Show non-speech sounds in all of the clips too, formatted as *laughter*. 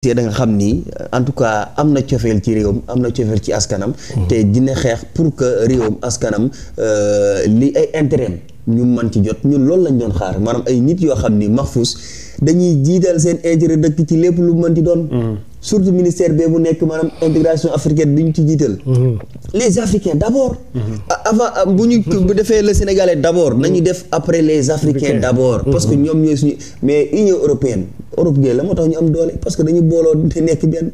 te da xam ni en tout cas am na cofeel ci réewam am na cofeel ci askanam mm-hmm. te dina xeex pour que réewam askanam euh, li ay intérêt ñu mën ci jot ñun loolu lañ doon xaar maanaam ay nit yoo xam ni Mahfous dañuy jiital seen intérêt dëkk ci lépp lu mën ci doon mm-hmm. surtout ministère bee bu nekk maanaam intégration africaine dañu ci jiital mm-hmm. les africains d'abord avant euh, bu ñu *laughs* bu defee le sénégalais d'abord nañu def après les africains d'abord parce que ñoom ñooy suñu mais union européenne Europe gee la moo tax ñu am doole parce que dañu booloo te nekk benn.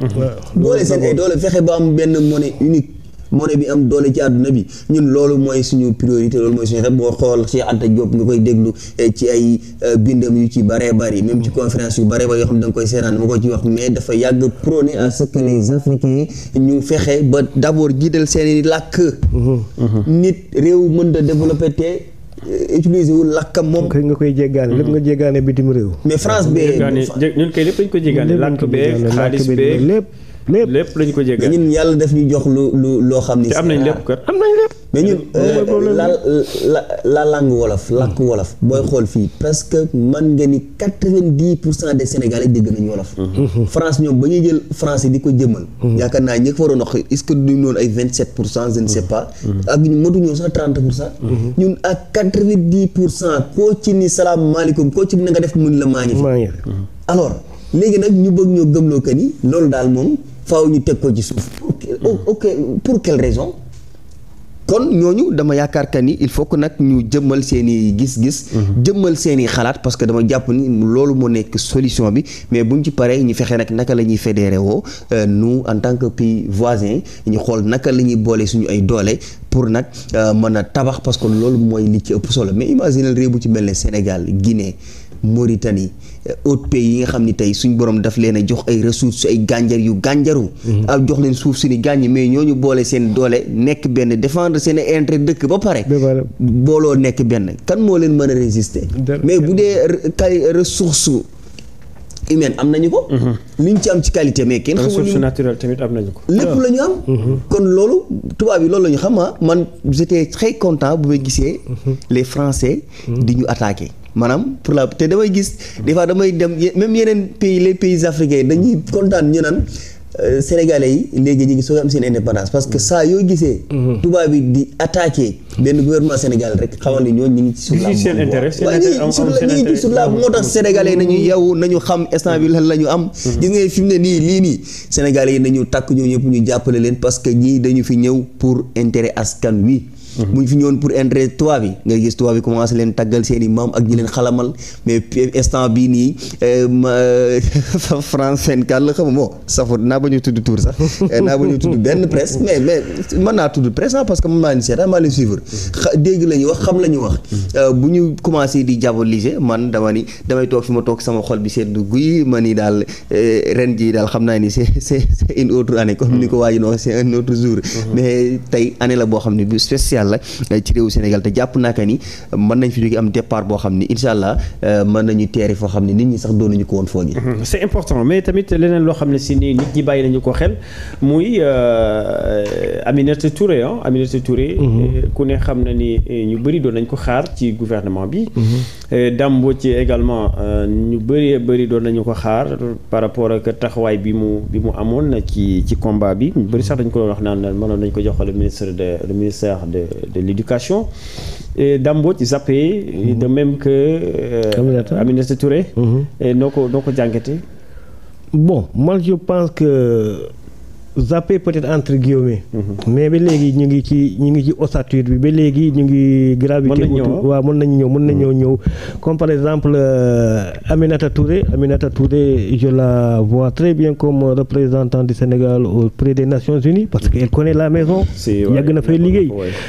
doole seen ay doole fexe ba am benn monnaie unique. monnaie bi am doole ci àdduna bi ñun loolu mooy suñu priorité loolu mooy suñu xel boo xool Cheikh Anta Diop nga koy déglu eh, ci ay euh, bindam yu ci baree bari même ci mm. conférence yu baree bari yoo xam ne da nga koy seetaan ma ko ci wax mais dafa yàgg prôné à ce que les africains ñu fexe ba d'abord jiital seen i làkk mm-hmm. nit réew mën da te utiliser wul làkkam moom. nga koy jéggaane lépp nga jéggaane bitim réew. mais France bee. ñun kay lépp dañ ko jéggaane làkk bee xaalis bee lépp. lépp lépp lañ ko jéggal ñun yàlla def ñu jox lu lu loo xam ni. te am nañ lépp am nañ lépp. mais euh, la la la langue wolof. làkk wolof booy xool fii presque man nga ni quatre-vingt-dix pour cent des sénégalais dégg nañu wolof. Mhm. France ñoom ba ñuy jël di ko jëmal. Mhm. yaakaar naa ñi ko waroon wax est-ce que duñu noonu ay vingt-sept pour cent je ne sais pas. Mhm. ak ñu motuñoo sax trente pour cent. ñun ak quatre koo ci ni salaamaaleykum koo ci na nga def mun la maa ngi fi. léegi nag ñu bëgg ñoo gëmloo que ni loolu daal moom. faaw ñu teg ko ci suuf oh, hmm. ok pour quelle raison kon ñooñu dama yaakaar que ni il faut que nag ñu jëmmal seen i gis-gis. Hmm. jëmmal seen i xalaat parce que dama jàpp ni loolu moo nekk solution bi mais buñ ci paree ñu fexe nag naka la ñuy fédéré woo euh, nous en tant que pays voisin ñu xool naka la ñuy boole suñu ay doole pour nag euh, mën a tabax parce que loolu mooy li ci ëpp solo mais imaginez réew bu ci mel ne Sénégal Guinée. Mauritanie eh, autres pays yi nga xam ni tey suñ borom daf leen a jox ay ressources ay gànjar yu gànjaru mhm. ak ah, jox leen suuf suñu gàññ mais ñoo ñu boole seen doole nekk benn défendre seen intérêt dëkk ba pare booloo nekk benn kan moo leen mën a résister mais bu dee kay ressource humaine am nañu ko mhm. liñ ci am ci qualité mais kenn ressource naturelle tamit am nañu ko lépp ah. la am mhm. kon loolu tubaab yi loolu lañu xam xam ah. man j'étais très content bu gisee le français di ñu attaqué maanaam pour la te damay gis des fois damay dem même yeneen pays les pays africains dañuy kontaan ñu naan euh, Sénégalais yi léegi ñu ngi soog am seen indépendance parce que saa yoo gisee. Mhm. tubaab bi di attaqué. benn gouvernement Sénégal rek xamal ni ñooñu ñu ngi ci. moo tax Sénégalais nañu yow nañu xam instant bi lan la ñu am. Mhm. gis nga fi mu ne nii lii nii Sénégalais yi nañu tàkk ñoo ñëpp ñu jàppale leen parce que ñii dañu fi ñëw pour intérêt askan wi. Mm-hmm. buñ fi ñëwoon pour intérêt tubaab bi nga gis tubaab bi commencé leen tàggal seeni i maam ak ñi leen xalamal mais instant bii nii euh, ma euh, *laughs* France 24 la xam moo safut naa ba ñu tudd tour sax *laughs* naa ba ñu tudd benn presse mais mais mën naa tudd presse ah parce que man maa leen seetaan maa leen suivre dégg la ñuy wax xam la ñuy wax mm-hmm. euh, bu ñu commencer di diaboliser man dama ni damay toog fi ma toog sama xol bi sedd guy ma ni daal ren jii daal xam naa ni c'est c'est une autre année comme ko mm-hmm. waaji noo c'est un autre jour boo xam ne bu spécial yàlla eh, ci réewu Sénégal te jàpp naa ni eh, mën nañ fi jóge am départ boo xam ni incha allah eh, mën nañu teeri foo xam ne nit ñi sax doonuñu ko woon foogee. Mhm. c'est important mais tamit leneen loo xam ne si nii nit ñi bàyyi nañu ko xel muy euh, Aminata Touré ah Aminata Touré. Mhm. ku ne xam na ni ñu bëri doon nañ ko xaar ci gouvernement bi. Mhm. Euh, Dame ci également euh, ñu bëree bëri doon nañu ko xaar par rapport ak taxawaay bi mu bi mu amoon na ci ci combat bi ñu bëri sax dañu ko doon wax naan mënoon nañu ko jox le ministre de le ministère de de l' éducation Dame ci zappé mhm. de même que euh, Aminata Touré mhm. noo ko noo ko jàngatee bon man je pense que zappé peut-être entre guillemets. Mhm. mais ba léegi ñu ngi ci ñu ngi ci ossature bi ba léegi ñu ngi. gravité ah? waaw mën nañu ñëw mën nañoo mhm. ñëw. comme par exemple euh, Aminata Touré Aminata Touré je la vois très bien comme représentante du Sénégal auprès des Nations Unies parce que elle connaît la maison. yàgg na fay liggéey.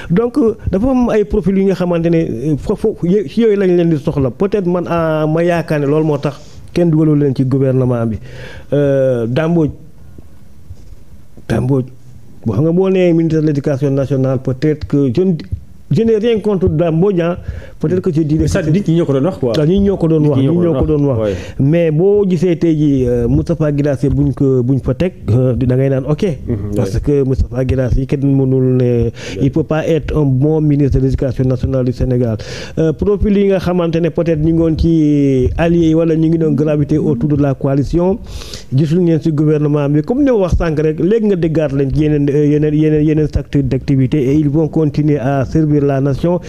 donc euh, dafa am ay profils yi nga xamante ne euh, foofu yooyu lañ leen di soxla peut-être man a ah, ma yaakaar ne loolu moo tax kenn dugaloo leen ci gouvernement bi Dambodj. Dambodj boo xam nga boo nee ministre de nationale peut-être que je je n'ai rien peut-être que. ci diine sax nit ñi ñoo ko ñi ñoo ko doon wax ñi ñoo ko doon wax. mais boo gisee tey jii euh, Moustapha Guirassy buñ ko buñ fa teg euh, da ngay naan ok. Mhm, parce que Moustapha Guirassy kenn mënul ne il peut pas être un bon ministre de l'éducation nationale du Sénégal euh, profil yi nga xamante ne peut-être ñu ngi woon ci alliés wala ñu ngi doon gravité autour de la coalition gisul ngeen ci gouvernement bi comme ne wax sànq rek léegi nga déggaat leen ci yeneen yeneen yeneen yeneen secteur d'activité et ils vont à servir la nation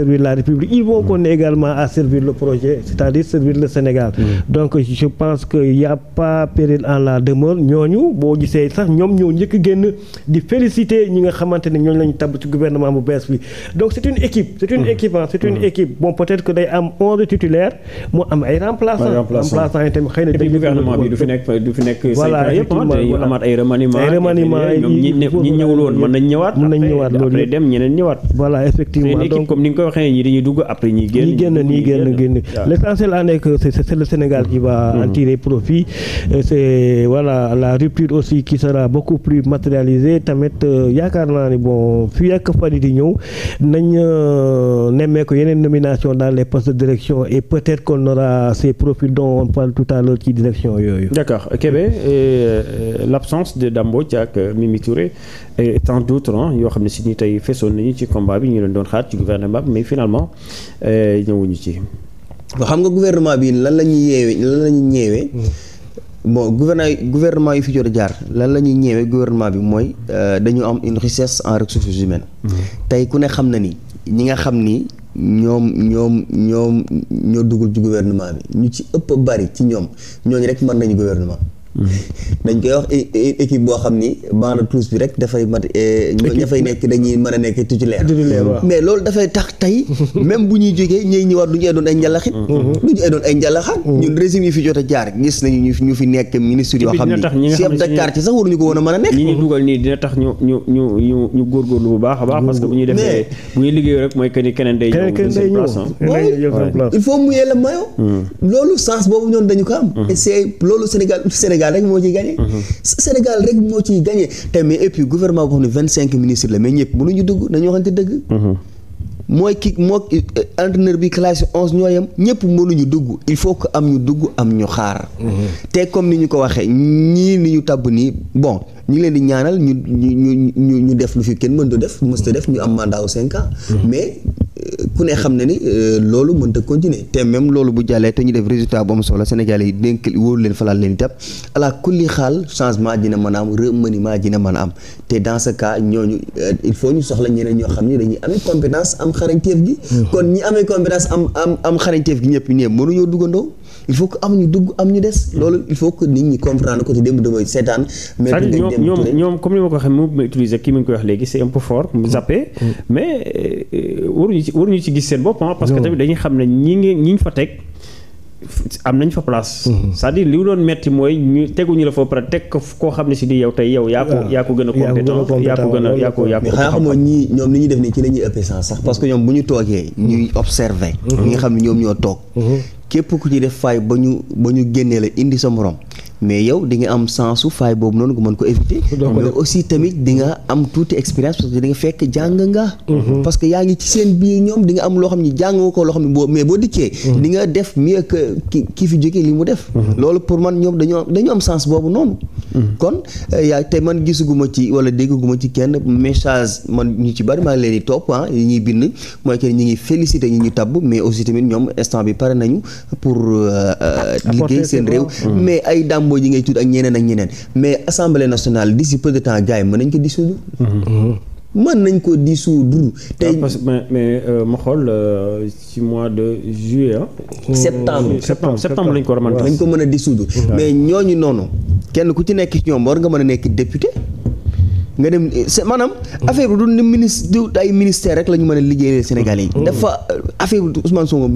servir la République ils vont mm. qu'on également à servir le projet c'est-à-dire servir le Sénégal mm. donc je pense que y a pas péril en la demeure ñooñu boo gisee sax ñoom ñoo njëkk génn di féliciter ñi nga xamante ne ñooñu lañu tabb ci gouvernement bu bees bi donc c'est une équipe c'est une mm. équipe ah c'est une équipe bon peut-être que day am onze titulaires mu am ay remplaçants remplaçants yi tamit xëy na gouvernement bi du fi nekk du fi nekk voilà yëpp day amaat ay remaniements ay remaniements ñi ñëwul woon nañ ñëwaat mën nañ ñëwaat waxee ñi dañuy dugg après ñi génn ñi génn ñi génn génn l'essentiel en est c'est le Sénégal qui va mm-hmm. en profit euh, c'est voilà la rupture aussi qui sera beaucoup plus matérialisée tamit euh, yaakaar naa ni bon fii ak fan yi di ñëw nañ euh, nemmeeku yeneen nomination dans les postes de direction et peut-être qu'on aura dont on parle tout à l'heure ci direction yooyu d'accord Kébé l'absence de Dambo ak Mimi Touré et tant yoo xam ne si ni tey fesoon nañu ci mais finalement euh, ñëwuñu ci. xam nga gouvernement bi lan la ñuy yeewee lan la ñuy bo hmm. bon gouvernement gouvernement yu fi jot a jaar lan la ñuy ñeewee gouvernement bi mooy euh, dañu am une richesse en ressources humaines. Hmm. tey ku ne xam na ni ñi nga xam ni ñoom ñoom ñoom ñoo dugal ci gouvernement bi ñu ci ëpp a bari ci ñoom ñooñ rek mën nañu gouvernement. *laughs* dañ koy wax équipe boo xam ni banc de touche bi rek dafay mat eh, ña fay nekk dañuy mën a nekk titulaire mm. mais loolu dafay tax tey *laughs* même bu ñuy jógee ñëwaat du ñu doon ay njalaxaat mm-hmm. ñun régime yi fi jot a jaar gis nañu ñu fi nekk ministre yoo xam ni chef de quartier sax a a nekk dugal nii dina tax ñu ñu ñu ñu bu baax a baax parce bu ñuy defee bu ñuy liggéey rek mooy keneen day ñëw il faut mu yee la mayo loolu sens boobu ñoon dañu ko am mm-hmm. et loolu Sénégal Sénégal Sénégal rek moo ciy gagné. Mhm. Sénégal rek moo ciy gagné te mais et puis gouvernement boo xam vingt cinq ministres la mais ñëpp mënuñu dugg nañu waxante dëgg. Mhm. mooy ki moo euh, entraîneur bi classe onze ñooyam ñëpp mënuñu dugg il faut que am ñu dugg am ñu xaar. Mm-hmm. te comme ni ñu ko waxee ñii ni ñu tabb nii bon ñu leen di ñaanal ñu ñu ñu ñu def lu fi kenn mënta def mësta def ñu am mandat wu cinq ans. Mm-hmm. mais euh, ku ne xam ne ni euh, loolu mënta continuer te même loolu bu jàllee te ñu def résultat bu am solo Sénégalais yi dénk wóoru leen falal leen itam ala kulli xaal changement dina mën a am remaniement dina mën am te dans ce il faut ñu soxla ñeneen ñoo am xarañteef gi kon ñi amee compétence am am am xarañteef gi ñëpp ñu ne mënuñoo duggandoo il faut que am ñu dugg am ñu des hmm. loolu il faut que nit ñi comprendre ko ci démb damay seetaan mais ñoom ñoom comme ni ma ko waxee moom ma utiliser kii mu ngi koy wax léegi c'est un peu fort mu hmm. zappé hmm. mais euh, waruñu ci waruñu ci gis seen boppam ah, parce que tamit dañuy xam ne ñi ngi ñi ñu fa teg am nañ fa place. Mhm. c'est-à-dire li mu doon metti mooy ñu teguñu la fa pare teg ko koo xam ne si ni yow tey yow. yaa ko ah. yaa ko gën a compétent yaa ko gën a yaa ko yaa ko. mais xanaa xamoo ñii ñoom li ñuy def nii ci la ñuy ëppee sax parce que ñoom bu ñu toogee. Mhm. ñuy observer. ñi nga mhm. xam ne ñoom ñoo toog. képp ku ci def faay ba ñu ba ñu génnee la indi sa morom mais yow di nga am sensu faay boobu noonu nga mën ko éviter. mais aussi tamit di nga am tuuti expérience parce que di nga fekk jàng nga. Mm-hmm. parce que yaa ngi ci seen biir ñoom di am loo xam ne jàng nga ko loo xam ne boo mais boo dikkee. Mm-hmm. di nga def mieux que ki fi jógee li mu def. Mm-hmm. loolu pour man ñoom dañoo dañoo am sens boobu noonu. kon euh, yaa te man gisuguma ci wala dégguguma ci kenn message man ñu ci bari maa ngi leen di topp ah yi ñuy bind mooy que ñu ngi félicité ñu ñu tabb mais aussi tamit ñoom instant bi pare nañu pour euh, euh, liggéey seen réew mm. mais ay dàmboo yi ngay tudd ak ñeneen ak ñeneen mais assemblée nationale d'ici peu de temps gars mën nañ ko dissoudre mm-hmm. mën nañ ko dissoudre tey ah, mais euh, ma xol ci mois de juillet septembre septembre septembre lañ ko war a mën lañ ko mën a dissoudre mais ñooñu noonu kenn ku ci nekk ñoom war nga mën a nekk député nga dem maanaam. affaire bi du ministre du ay ministère rek la ñu mën a liggéeyal Sénégalais yi. Mm-hmm. dafa affaire bi Ousmane Sonko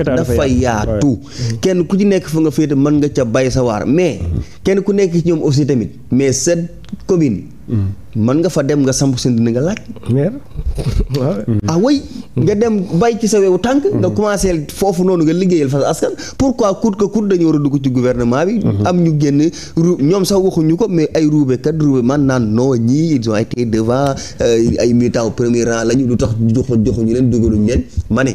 dafa yaatu mm-hmm. kenn ku ci nekk fa nga féete man nga ca bay sa waar mais mm-hmm. kenn ku nekk ci ñoom aussi tamit mais cette commune. mën nga fa dem nga samp seen dina nga laaj. ah way nga dem bay ci sa wewu tànk. nga hmm. commencé foofu noonu nga liggéeyal fa askan. pourquoi coûte que coûte dañu war a dugg ci gouvernement bi. Hmm. am ñu génn ru ñoom sax waxuñu ko mais ay ruubekat ruube man naan non ñii ils ont été devant euh, ay militants au premier rang la ñu lu tax joxu joxuñu leen dugaluñ leen ma ne.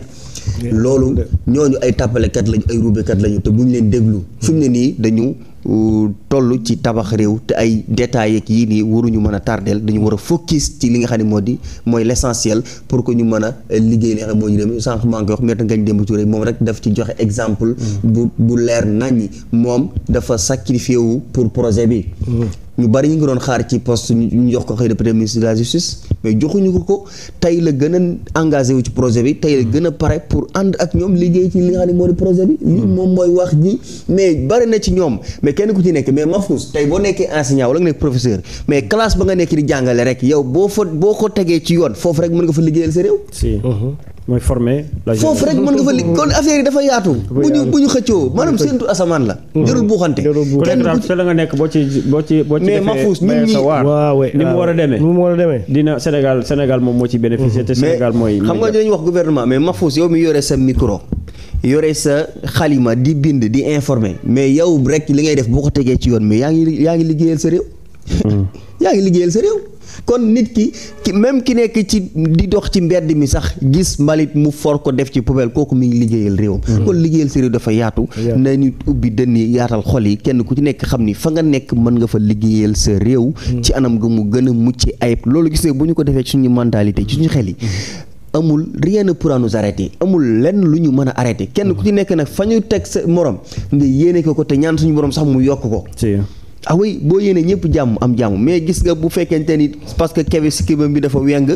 loolu ñooñu ay tàppalekat lañu ay ruubekat lañu te buñ leen déglu fi mu ne nii dañu euh, toll ci tabax réew te ay détails yeeg nii waruñu mën a tardeel dañu war a focus ci li nga xam ne moo di mooy l' essentiel pour que ñu mën a euh, liggéey li nga xam moo ñu dem sànq maa ngi koy wax Maître Ngagne Demba moom rek daf ci joxe exemple mm. bu bu leer naññi moom dafa sacrifié wu pour projet bi mm. ñu bari ñu ngi doon xaar ci poste ñu jox ko xëy na premier ministre de la justice mais joxuñu ko ko tey la gën a engagé wu ci projet bi tey la gën a pare pour ànd ak ñoom liggéey ci li nga xam ne moo di projet bi li hmm. moom mooy wax ji mais bari na ci ñoom mais kenn ku ci nekk mais Mahfouz tey boo nekkee enseignant wala nga nekk professeur mais classe ba nga nekk di jàngale rek yow boo fa boo ko tegee ci yoon foofu rek mën nga fa liggéeyal sa réew hmm. mooy former la foofu rek mën nga fa li kon affaire yi dafa yaatu. bu ñu bu ñu xëccoo maanaam séentu asamaan la. Hmm. jarul buuxante. kenn ku ci la nga nekk boo ci boo ci boo ci. mais Mahfouz nit ñi waaw ni mu war a demee ni mu war a demee. dina Sénégal Sénégal moom moo ci bénéficier te hmm. Sénégal mooy. xam nga dinañ wax gouvernement mais Mahfouz yow mi yore sa micro. yore sa xalima di bind di informer mais yow rek li ngay def boo ko tegee ci yoon mais yaa ngi yaa ngi liggéeyal sa réew. Hmm. *laughs* yaa ngi liggéeyal sa réew. kon nit ki ki même ki nekk ci di dox ci mbedd mi sax gis mbalit mu foor ko def ci poubelle kooku mi liggéeyal réew mm-hmm. kon liggéeyal sa réew dafa yaatu nañu ubbi dënn yi yaatal xol yi kenn ku ci nekk xam ni fa nga nekk mën nga fa liggéeyal sa réew mm-hmm. ci anam ga mu gën a mucc ayib loolu gis nga bu ñu ko defee ci suñu mentalité ci suñu xel yi mm-hmm. amul rien ne pourra nous arrêter amul lenn lu ñu mën a arrêter kenn ku ci nekk nag fa ñu teg sa morom nga yéene ko ko te ñaan suñu borom sax mu yokk ko ah oui boo yéene ñëpp jàmm am jàmm mais gis nga bu fekkente ni parce que kebe si kibam bi dafa weng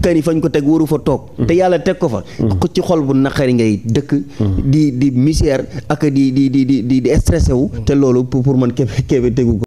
kan yi fañ ko teg waru fa toog mm. te yàlla teg ko fa mm. ci xol bu naqari ngay dëkk mm. di di misère ak di di di di di stressé wu te loolu pour man kebe kebe tegu ko